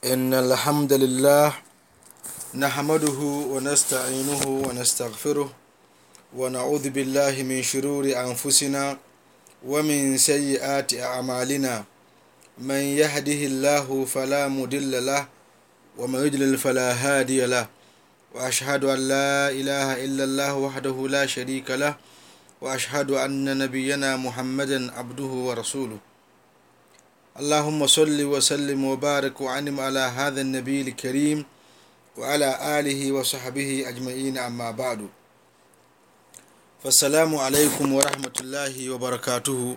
إن الحمد لله نحمده ونستعينه ونستغفره ونعوذ بالله من شرور أنفسنا ومن سيئات أعمالنا من يهده الله فلا مضل له ومن يضلل فلا هادي له وأشهد أن لا إله إلا الله وحده لا شريك له وأشهد أن نبينا محمدا عبده ورسوله اللهم صل وسلم وبارك وعنم على هذا النبي الكريم وعلى آله وصحبه أجمعين أما بعد فالسلام عليكم ورحمة الله وبركاته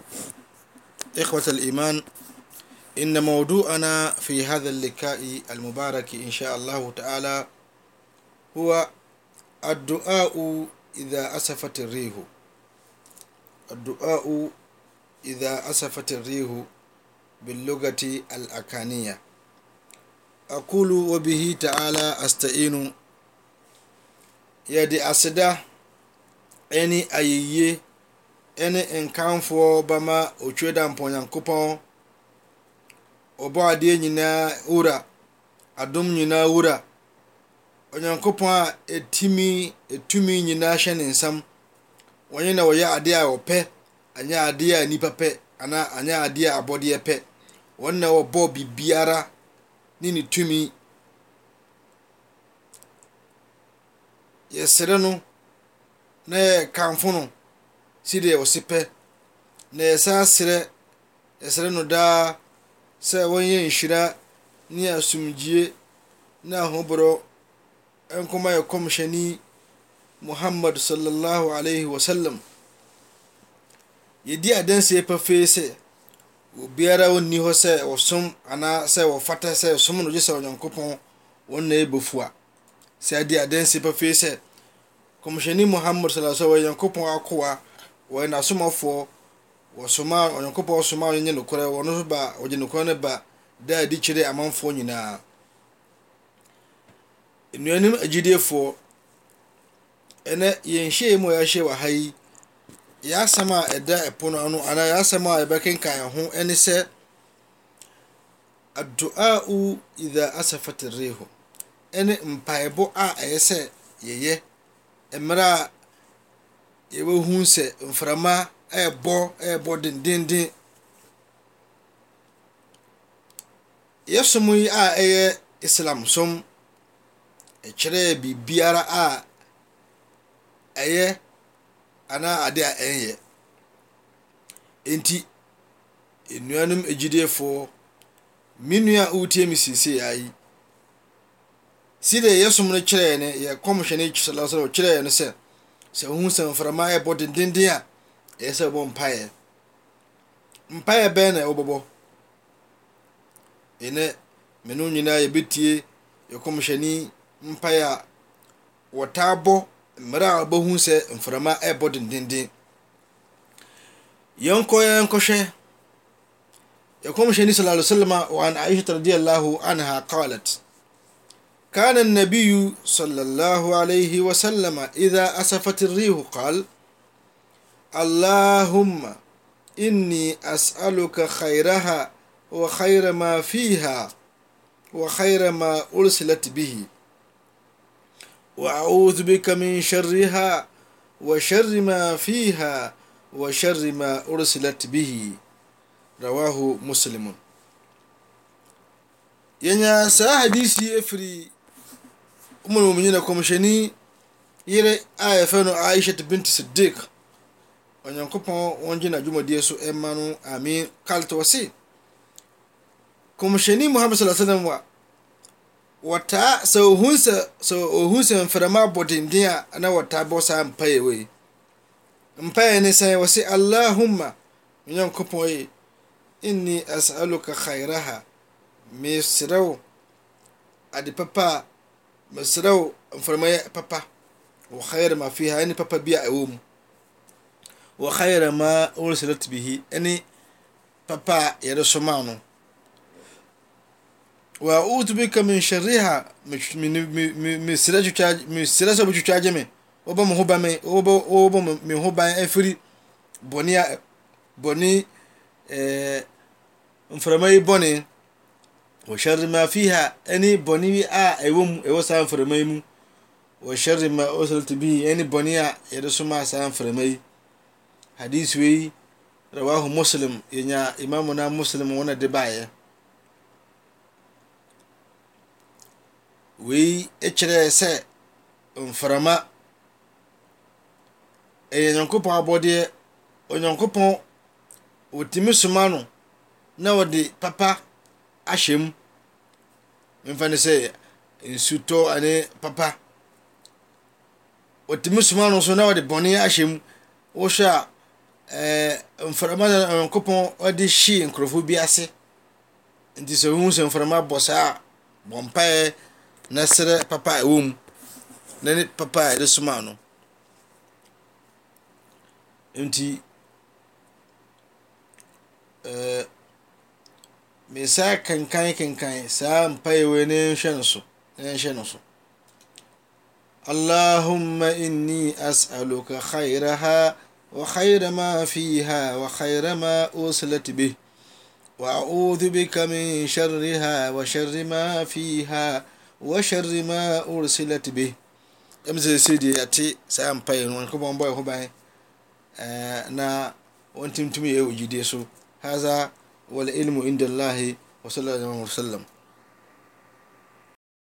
إخوة الإيمان إن موضوعنا في هذا اللقاء المبارك إن شاء الله تعالى هو الدعاء إذا أسفت الريح الدعاء إذا أسفت الريح belogati alakania akolu wa bihi taala astainu yade aseda ene ayeye ene nkamfoɔ bama ocwe danpu nyankopɔn ɔbɔ adeɛ nyinaa wora adom nyinaa wura onyankopɔn a etumi nyina sheni nsam wanyena wɔyɛ adeɛ awɔpɛ anya adea anipa pɛ ana anya adea abodeɛ pɛ wɔn wa bɔ biribiara ne ne tumi yɛsrɛ no na yɛkamfo no si deɛ ɔsi pɛ na yɛsan srɛ yɛsrɛ no daa sɛ wɔnyɛ nhyira ne asomdwie ne ahoborɔ nkɔma yɛ kɔmhyɛni muhammad sallallahu alaihi wasallam yɛdi adansie pɛfee sɛ obiara onni hɔ sɛ ɔsom anaa sɛ wɔfata sɛ som no gye sɛ onyankopɔn wɔn na ɛbɛfu a sɛ ade adansi pafei sɛ kɔmhyɛni muhammad sala sɛ wɔyɛ nyankopɔn akoa wɔyɛ n'asomɔfoɔ wɔsoma onyankopɔn ɔsoma ɔnyɛ nokorɛ wɔno so ba ɔgye nokorɛ no ba da adi kyerɛ amanfoɔ nyinaa nnuanom agyidiefoɔ ɛnɛ yɛnhyɛ yi mu a yɛahyɛ wɔ ha yi yɛ asɛm a ɛda ɛpono ano anaa yɛ asɛm a yɛbɛkenka ɛ ho ɛne sɛ adoa o idha asafat reho ɛne mpaabɔ a ɛyɛ sɛ yɛyɛ merɛ a yɛbɛhu sɛ mframa ɛɛbɔ ɛbɔ dendenden yɛ som yi a ɛyɛ islam som kyerɛɛ biribiara a ɛyɛ ana ade a ɛyɛ nti nnuanom ɛgidee foɔ menua otie me siesee ai sede yɛ somno kyerɛne yɛkɔehɛnesasal krɛno sɛ sɛ ohu saframa ɛbɔ denenden a ɛyɛ sɛ bbɔ mpaye mpayɛ bɛna wobɔbɔ ene mene nyinaa yɛbɛtie yɛkmehɛne mpa a wɔtabɔ هرنقي نق يقومشني صلىاله عليهوسلم و أن عاشة رضي الله عنها قالت كان النبي صلى الله عليه وسلم اذا أسفت الريح قال اللهم اني اسألك خيرها وخير ما فيها وخير ما أرسلت به وأعوذ بك من شرها وشر ما فيها وشر ما أرسلت به رواه مسلم yanya saa hadisi efiri umar mu'minin komishani yere a ya fɛ no aisha binti siddiq onyankopɔn wɔn gyina dwumadie so ɛma no amin kaltɔ se muhammad sallallahu alaihi wtɛ ohusɛ mframa bɔdendea ana wataa bɔ sa mpae we mpaɛ ni sa wase allahuma yankopɔ e ini asalca gyraha meserɛ ade papa meserɛ mframa yɛ papa wa ayrama fiha ane papa bi a ɛwom wa gyrama weselat bihi ane papa yere somano wa utu bika min sharriha misira sɛ bɛtwitwagye me wobɔ me ho ba me wobɔ me ho ban afiri bɔne bɔne mframa yi bɔne wa sharri ma fiha ɛne bɔne a ɛwɔ mu ɛwɔ saa mframa yi mu wa sharri ma ursiltu bihi ɛne bɔne a yɛde soma saa mframa yi hadisi wei rawahu muslim yɛnya imamuna muslim wɔna de baeɛ wei kyerɛɛ sɛ mframa ɛyɛ nyankopɔn abɔdeɛ onyankopɔn wɔtumi soma no na papa Ashim mu memfa ne sɛ ane papa wɔtumi soma no so na wɔde bɔne ahyɛ mu wohwɛ a mframa na onyankopɔn ɔde hyee nkurɔfoɔ bi ase nti sɛ wohu sɛ mframa bɔ na papa a ɛwɔ mu na ne papa a yɛde soma no nti kan mesan kankan kankan saa mpaeɛwei ne nhwɛ no so ne nhwɛ no so اللهم إني أسألك خيرها وخير ما فيها وخير ما أوصلت به وأعوذ بك من شرها وشر ما فيها wašarrimaa oro selati be amseseedeatɩ saa m pank bɔm bɔfu ba eh, na wan timtimye wo ji deeso haza walilmu inda llahi wasalal sallam